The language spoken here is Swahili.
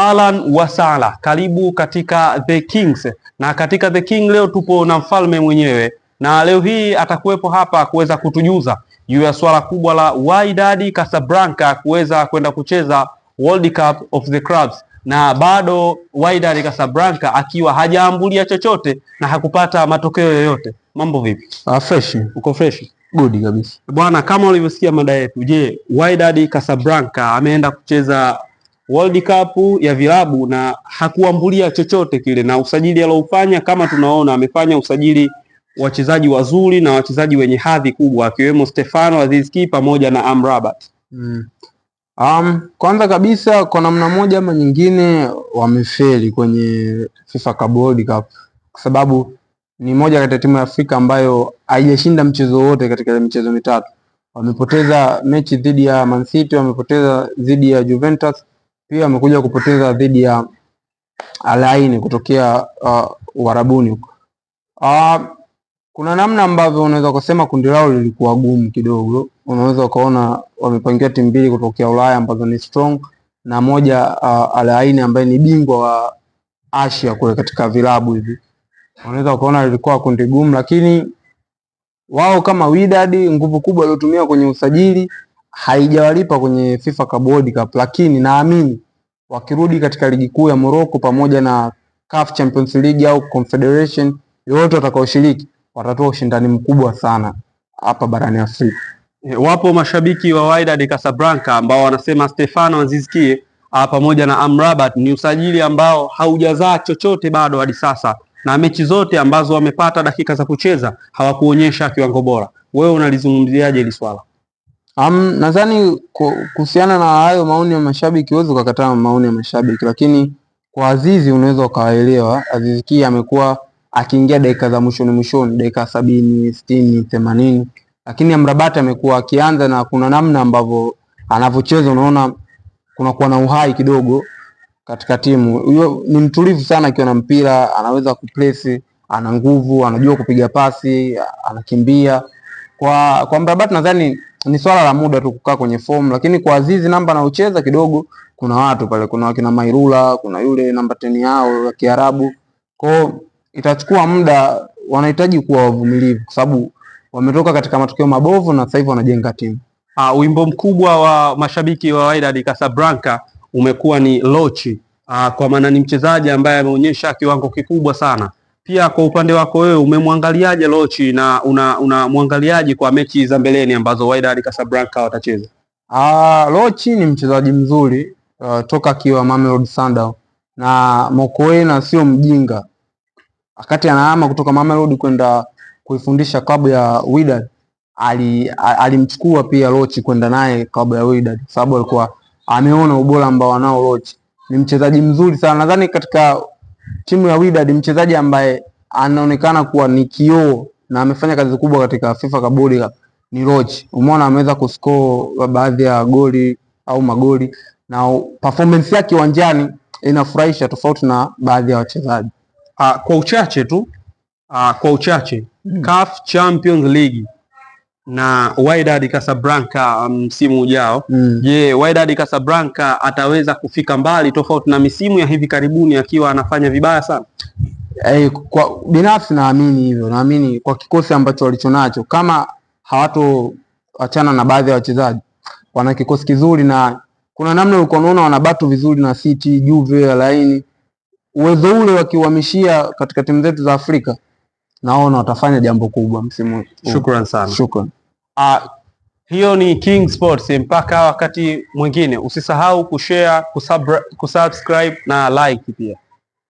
Alan wasala, karibu katika The Kings. Na katika The King leo tupo na mfalme mwenyewe, na leo hii atakuwepo hapa kuweza kutujuza juu ya swala kubwa la Wydad Casablanca kuweza kwenda kucheza World Cup of the Clubs, na bado Wydad Casablanca akiwa hajaambulia chochote na hakupata matokeo yoyote. Mambo vipi? Ah, fresh. Uko fresh? Good kabisa bwana, kama ulivyosikia mada yetu. Je, Wydad Casablanca ameenda kucheza World Cup ya vilabu na hakuambulia chochote kile, na usajili aloufanya kama tunaona amefanya usajili wachezaji wazuri na wachezaji wenye hadhi kubwa akiwemo Stefano Azizki pamoja na Amrabat. Mm. Um, kwanza kabisa kwa namna moja ama nyingine wamefeli kwenye FIFA Club World Cup kwa sababu ni moja kati ya timu ya Afrika ambayo haijashinda mchezo wote katika ile michezo mitatu. Wamepoteza mechi dhidi ya Man City, wamepoteza dhidi ya Juventus pia amekuja kupoteza dhidi ya Alaini kutokea uh, Uarabuni huko. Uh, kuna namna ambavyo unaweza kusema kundi lao lilikuwa gumu kidogo. Unaweza ukaona wamepangiwa timu mbili kutokea Ulaya ambazo ni strong na moja uh, Alaini ambaye ni bingwa wa Asia kule katika vilabu hivi. Unaweza ukaona lilikuwa kundi gumu, lakini wao kama Wydad nguvu kubwa waliotumia kwenye usajili haijawalipa kwenye FIFA Club World Cup, lakini naamini wakirudi katika ligi kuu ya Morocco pamoja na CAF Champions League au Confederation, yoyote watakaoshiriki watatoa ushindani mkubwa sana hapa barani Afrika. E, wapo mashabiki wa Wydad Casablanca ambao wanasema Stefano Azizikie ah, pamoja na Amrabat ni usajili ambao haujazaa chochote bado hadi sasa, na mechi zote ambazo wamepata dakika za kucheza hawakuonyesha kiwango bora. Wewe unalizungumziaje hili swala? Um, nadhani kuhusiana na hayo maoni ya mashabiki huwezi ukakataa maoni ya mashabiki, lakini kwa Azizi unaweza ukawaelewa. Azizi Ki amekuwa akiingia dakika za mwishoni mwishoni, dakika sabini, sitini, themanini, lakini Amrabat amekuwa akianza na kuna namna ambavyo anavyocheza unaona kunakuwa na uhai kidogo katika timu. Huyo ni mtulivu sana akiwa na mpira, anaweza kupresi, ana nguvu, anajua kupiga pasi, anakimbia. Kwa kwa Amrabat nadhani ni swala la muda tu kukaa kwenye form, lakini kwa Azizi namba anaocheza kidogo, kuna watu pale, kuna wakina Mairula, kuna yule namba 10 yao ya Kiarabu. Kwa itachukua muda, wanahitaji kuwa wavumilivu kwa sababu wametoka katika matokeo mabovu na sasa hivi wanajenga timu. Ah, wimbo mkubwa wa mashabiki wa Wydad Casablanca umekuwa ni Lochi. Aa, ah, kwa maana ni mchezaji ambaye ameonyesha kiwango kikubwa sana pia kwa upande wako wewe umemwangaliaje lochi na unamwangaliaje una kwa mechi za mbeleni ambazo Wydad Casablanca watacheza? Ah, Lochi ni mchezaji mzuri uh, toka akiwa Mamelodi Sundowns na Mokoena sio mjinga, wakati anahama kutoka Mamelodi kwenda kuifundisha klabu ya Wydad alimchukua ali pia Lochi kwenda naye klabu ya Wydad, sababu alikuwa ameona ubora ambao anao Lochi. Ni mchezaji mzuri sana, nadhani katika timu ya Wydad, mchezaji ambaye anaonekana kuwa ni kioo na amefanya kazi kubwa katika FIFA Kabodi ni Roach. Umeona ameweza kuscore baadhi ya goli au magoli na performance yake uwanjani inafurahisha tofauti na baadhi ya wachezaji. Uh, kwa uchache tu uh, kwa uchache mm. CAF Champions League na Wydad Casablanca um, msimu ujao. Mm. Je, Wydad Casablanca ataweza kufika mbali tofauti na misimu ya hivi karibuni akiwa anafanya vibaya sana? Eh, kwa binafsi naamini hivyo. Naamini kwa kikosi ambacho walichonacho kama hawato achana na baadhi ya wachezaji wana kikosi kizuri na kuna namna ulikuwa unaona wanabatu vizuri na City, Juve, Alaini. Uwezo ule wakiuhamishia katika timu zetu za Afrika naona watafanya jambo kubwa msimu huu. Shukran sana. Shukran. Uh, ah, hiyo ni King Sports. Eh, mpaka wakati mwingine, usisahau kushare, kusubscribe na like pia.